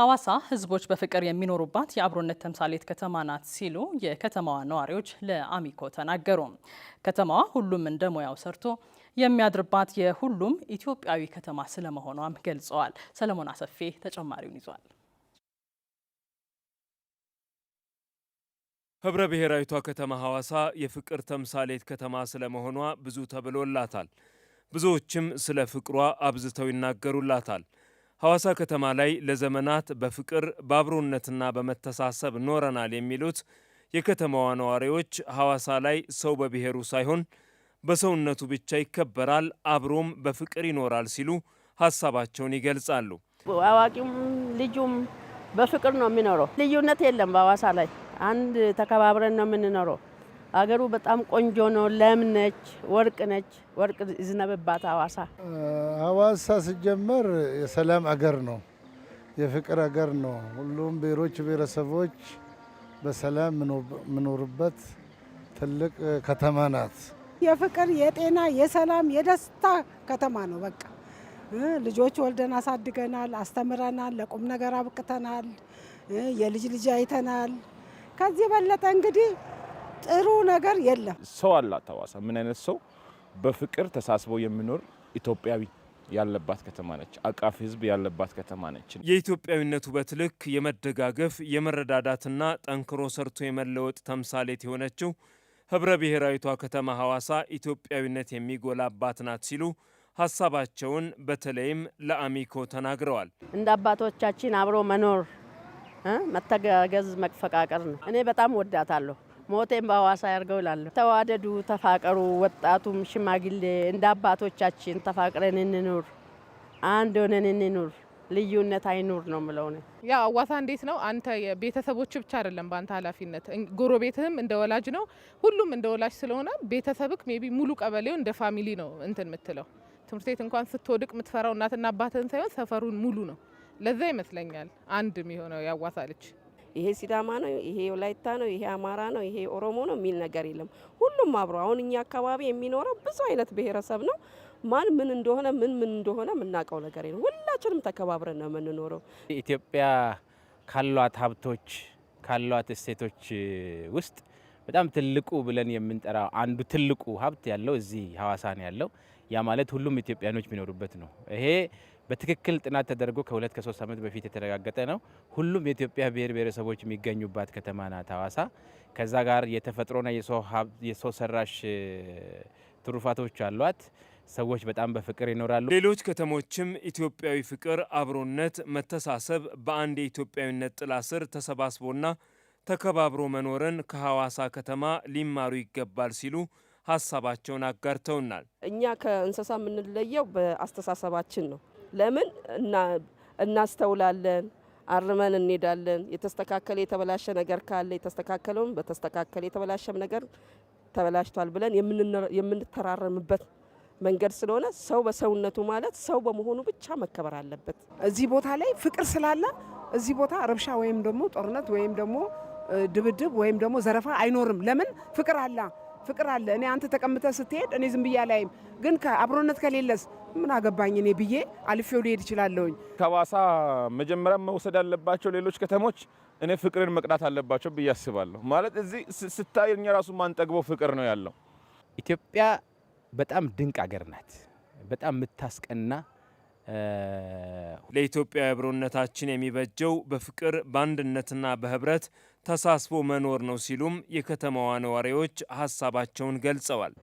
ሐዋሳ ህዝቦች በፍቅር የሚኖሩባት የአብሮነት ተምሳሌት ከተማ ናት ሲሉ የከተማዋ ነዋሪዎች ለአሚኮ ተናገሩ። ከተማዋ ሁሉም እንደ ሙያው ሰርቶ የሚያድርባት የሁሉም ኢትዮጵያዊ ከተማ ስለመሆኗም ገልጸዋል። ሰለሞን አሰፌ ተጨማሪውን ይዟል። ህብረ ብሔራዊቷ ከተማ ሐዋሳ የፍቅር ተምሳሌት ከተማ ስለመሆኗ ብዙ ተብሎላታል። ብዙዎችም ስለ ፍቅሯ አብዝተው ይናገሩላታል። ሐዋሳ ከተማ ላይ ለዘመናት በፍቅር በአብሮነትና በመተሳሰብ ኖረናል የሚሉት የከተማዋ ነዋሪዎች ሐዋሳ ላይ ሰው በብሔሩ ሳይሆን በሰውነቱ ብቻ ይከበራል፣ አብሮም በፍቅር ይኖራል ሲሉ ሀሳባቸውን ይገልጻሉ። አዋቂም ልጁም በፍቅር ነው የሚኖረው። ልዩነት የለም። በሐዋሳ ላይ አንድ ተከባብረን ነው የምንኖረው። አገሩ በጣም ቆንጆ ነው። ለም ነች፣ ወርቅ ነች። ወርቅ ይዝነብባት አዋሳ። አዋሳ ሲጀመር የሰላም አገር ነው፣ የፍቅር አገር ነው። ሁሉም ብሔሮች፣ ብሔረሰቦች በሰላም የምኖርበት ትልቅ ከተማ ናት። የፍቅር፣ የጤና፣ የሰላም፣ የደስታ ከተማ ነው። በቃ ልጆች ወልደን አሳድገናል፣ አስተምረናል፣ ለቁም ነገር አብቅተናል፣ የልጅ ልጅ አይተናል። ከዚህ በለጠ እንግዲህ ጥሩ ነገር የለም። ሰው አላት ሀዋሳ ምን አይነት ሰው! በፍቅር ተሳስቦ የሚኖር ኢትዮጵያዊ ያለባት ከተማ ነች። አቃፊ ህዝብ ያለባት ከተማ ነች። የኢትዮጵያዊነት ውበት ልክ የመደጋገፍ የመረዳዳትና ጠንክሮ ሰርቶ የመለወጥ ተምሳሌት የሆነችው ህብረ ብሔራዊቷ ከተማ ሐዋሳ ኢትዮጵያዊነት የሚጎላባት ናት ሲሉ ሀሳባቸውን በተለይም ለአሚኮ ተናግረዋል። እንደ አባቶቻችን አብሮ መኖር መተጋገዝ፣ መፈቃቀር ነው። እኔ በጣም ወዳታለሁ። ሞቴን በሐዋሳ ያርገው እላለሁ። ተዋደዱ፣ ተፋቀሩ። ወጣቱም ሽማግሌ እንደ አባቶቻችን ተፋቅረን እንኑር፣ አንድ ሆነን እንኑር፣ ልዩነት አይኑር ነው ምለው ነው። አዋሳ እንዴት ነው አንተ ቤተሰቦች ብቻ አይደለም በአንተ ኃላፊነት ጎረቤትህም እንደ ወላጅ ነው። ሁሉም እንደ ወላጅ ስለሆነ ቤተሰብክ ቢ ሙሉ ቀበሌው እንደ ፋሚሊ ነው እንትን የምትለው ትምህርት ቤት እንኳን ስትወድቅ የምትፈራው እናትና አባትህን ሳይሆን ሰፈሩን ሙሉ ነው። ለዛ ይመስለኛል አንድ የሚሆነው ያዋሳ ልጅ ይሄ ሲዳማ ነው፣ ይሄ ወላይታ ነው፣ ይሄ አማራ ነው፣ ይሄ ኦሮሞ ነው የሚል ነገር የለም። ሁሉም አብሮ አሁን እኛ አካባቢ የሚኖረው ብዙ አይነት ብሔረሰብ ነው። ማን ምን እንደሆነ ምን ምን እንደሆነ የምናውቀው ነገር የለም። ሁላችንም ተከባብረን ነው የምንኖረው። ኢትዮጵያ ካሏት ሀብቶች ካሏት እሴቶች ውስጥ በጣም ትልቁ ብለን የምንጠራው አንዱ ትልቁ ሀብት ያለው እዚህ ሀዋሳ ነው ያለው። ያ ማለት ሁሉም ኢትዮጵያኖች የሚኖሩበት ነው። ይሄ በትክክል ጥናት ተደርጎ ከሁለት ከሶስት ዓመት በፊት የተረጋገጠ ነው። ሁሉም የኢትዮጵያ ብሔር ብሔረሰቦች የሚገኙባት ከተማ ናት ሀዋሳ። ከዛ ጋር የተፈጥሮና የሰው ሰራሽ ትሩፋቶች አሏት። ሰዎች በጣም በፍቅር ይኖራሉ። ሌሎች ከተሞችም ኢትዮጵያዊ ፍቅር፣ አብሮነት፣ መተሳሰብ በአንድ የኢትዮጵያዊነት ጥላ ስር ተሰባስቦና ተከባብሮ መኖርን ከሐዋሳ ከተማ ሊማሩ ይገባል ሲሉ ሀሳባቸውን አጋርተውናል። እኛ ከእንስሳ የምንለየው በአስተሳሰባችን ነው። ለምን እናስተውላለን፣ አርመን እንሄዳለን። የተስተካከለ የተበላሸ ነገር ካለ የተስተካከለውም በተስተካከለ የተበላሸም ነገር ተበላሽቷል ብለን የምንተራረምበት መንገድ ስለሆነ ሰው በሰውነቱ ማለት ሰው በመሆኑ ብቻ መከበር አለበት። እዚህ ቦታ ላይ ፍቅር ስላለ እዚህ ቦታ ረብሻ ወይም ደግሞ ጦርነት ወይም ደግሞ ድብድብ ወይም ደግሞ ዘረፋ አይኖርም። ለምን? ፍቅር አላ ፍቅር አለ። እኔ አንተ ተቀምጠ ስትሄድ እኔ ዝም ብያ አላይም። ግን አብሮነት ከሌለስ ምን አገባኝ እኔ ብዬ አልፌው ሊሄድ ይችላለሁኝ። ከሀዋሳ መጀመሪያ መውሰድ ያለባቸው ሌሎች ከተሞች እኔ ፍቅርን መቅዳት አለባቸው ብዬ አስባለሁ። ማለት እዚህ ስታይ እኛ ራሱ ማንጠግበው ፍቅር ነው ያለው። ኢትዮጵያ በጣም ድንቅ አገር ናት። በጣም የምታስቀና ለኢትዮጵያ አብሮነታችን የሚበጀው በፍቅር በአንድነትና በህብረት ተሳስቦ መኖር ነው ሲሉም የከተማዋ ነዋሪዎች ሀሳባቸውን ገልጸዋል።